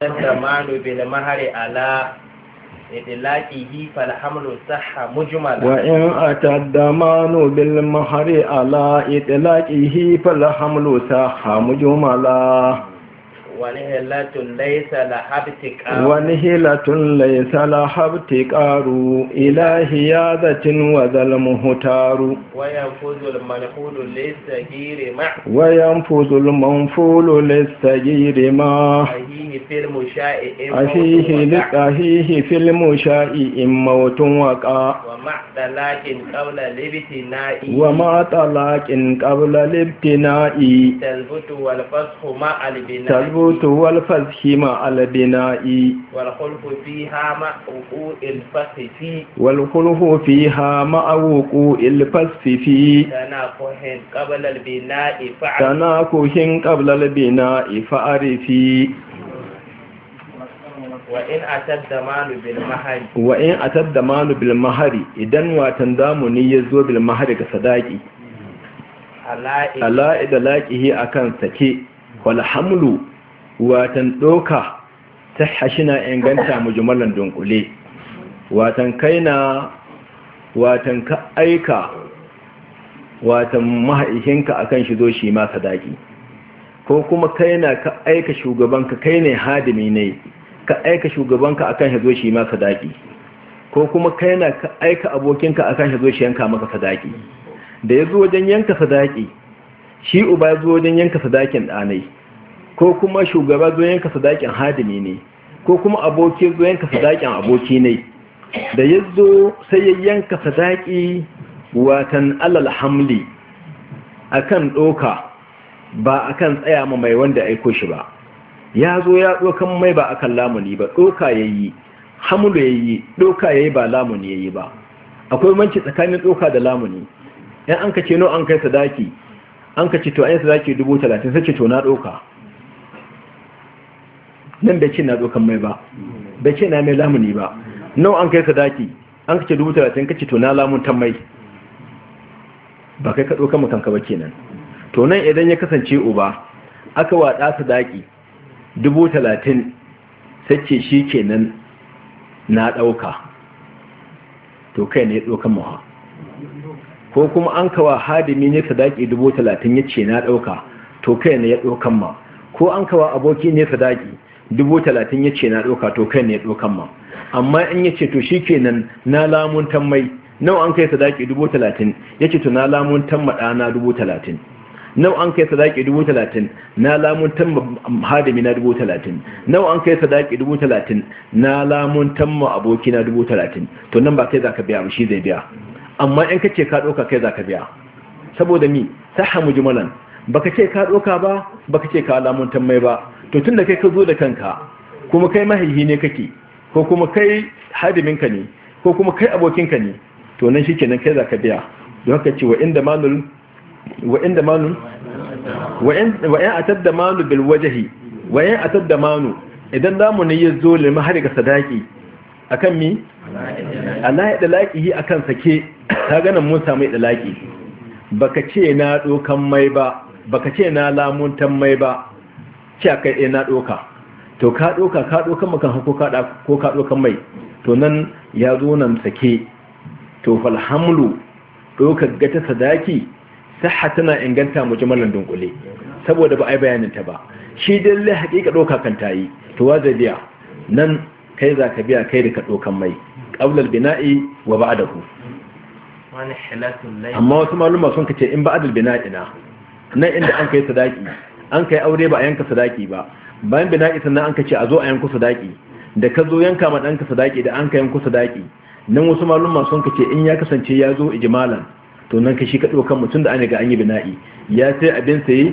Yadda malu bil mahari ala idlaki hi fal hamlu sahha mujmalan wa in atadda malu bil mahari ala idlaki hi fal hamlu saha sahha mujmalan hilatun laisa la habti qaru ilahi ya zatin wa zalmu hutaru wayan fuzul manfulu lissagiri ma ahihi fil musha'i mautun waqa wa ma talaqin qabla libtina'i talbutu wal fasxu ma albina'i السكوت هو الفسح مع البناء والخلف فيها مع وقوع الفسح في والخلف فيها مع وقوع الفسح في تناقح قبل البناء فعرف تناقح قبل البناء فعرف wa'in a tadda manu bilmahari idan watan damuni ya zo bilmahari ga sadaki ala idalaƙihi a kan sake walhamlu watan doka ta hashina inganta mu jumallan dunkule watan kaina watan ka aika watan mahaihinka akan shi zo shi ma sadaki ko kuma kaina ka aika shugabanka kai ne hadimi ne ka aika shugabanka akan shi zo shi ma sadaki ko kuma kaina ka aika abokinka akan shi zo shi yanka maka sadaki da ya zo wajen yanka sadaki shi uba ya zo wajen yanka sadakin ɗanai ko kuma shugaba zo yanka sadakin hadimi ne ko kuma aboki zo sadakin aboki ne da ya zo sai ya sadaki watan alal hamli akan ɗoka ba akan tsaya ma mai wanda aiko shi ba ya zo ya ɗokan mai ba akan lamuni ba doka ya yi hamlu ya yi ɗoka ya yi ba lamuni ya yi ba akwai manci tsakanin ɗoka da lamuni yan an ka ce no an kai sadaki an ka ce to an yi sadaki dubu talatin sai ce to na ɗoka nan bai ce na dokan mai ba bai ce na mai lamuni ba nawa an kai sadaki an kace dubu talatin kace to na lamun tan mai ba kai ka dokan kanka ba kenan to nan idan ya kasance uba aka wada sadaki dubu talatin sace shi kenan na dauka to kai ne dokan mawa ko kuma an kawa hadimi ne sadaki dubu talatin ya ce na dauka to kai ne ya dokan ma ko an kawa aboki ne sadaki dubu talatin ya ce na ɗauka to kai ne ɗaukan ma amma in ya ce to shi kenan na lamun tammai nau an kai sadaki dubu talatin ya ce to na lamun tamma na dubu talatin nau an kai sadaki dubu talatin na lamun tamma hadami na dubu talatin nau an kai sadaki dubu talatin na lamun tamma aboki na dubu talatin to nan ba kai za ka biya ba shi zai biya amma in ka ce ka ɗauka kai za ka biya saboda mi sahamu jimalan baka ce ka ɗauka ba baka ce ka lamun tammai ba to tun da kai ka zo da kanka kuma kai mahaihi ne kake ko kuma kai hadiminka ne ko kuma kai abokinka ne to nan shi kenan kai za ka biya don haka ce wa inda manu wa da atar da manu bil wajahi wa'in atar da manu idan damu ne ya zo lima har ga sadaki akan mi Allah ya dalaki akan sake ka ganin mun samu dalaki baka ce na dokan mai ba baka ce na lamuntan mai ba cewa a kai ɗaya eh, na ɗoka to ka ɗoka ka ɗokan makan ko ka ɗokan mai to nan ya zo nan sake to falhamlu ga gata sadaki saha tana inganta mu jimalan dunkule saboda ba a yi ta ba shi dalilin hakika ɗoka kan ta yi to wa zai nan kai za ka biya kai da ka ɗokan mai ƙaular bina'i wa ba'adahu amma wasu maluma sun kace in ba'adul bina'ina nan inda an kai sadaki an kai aure ba a yanka sadaki ba bayan bina'i sannan an ka ce a zo a yanku sadaki da ka zo yanka ma ɗanka sadaki da an ka yanku sadaki nan wasu malumma sun ka ce in ya kasance ya zo ijimalan to nan ka shi ka ɗaukan mutum da an ga an yi bina'i ya sai abin saye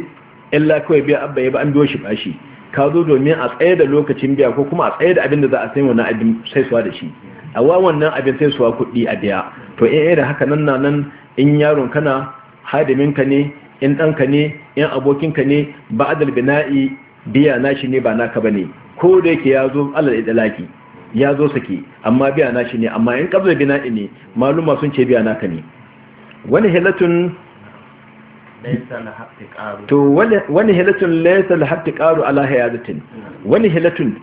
illa kawai biya abba ya ba an biyo shi bashi ka zo domin a tsaye da lokacin biya ko kuma a tsaye da abin da za a sayi wannan abin sai suwa da shi a wa wannan abin sai suwa kuɗi a biya to in eh, eh, da haka nan na nan in yaron kana hadimin ka ne in ɗanka ne in abokinka ne ba adal bina'i biya na shi ne ba naka bane ko da yake ya zo alal idlaki ya zo sake amma biya na shi ne amma in qabla bina'i ne maluma sun ce biya naka ne wani halatun to wani halatun laysa al-haqqi qaru ala hayatin hmm. wani halatun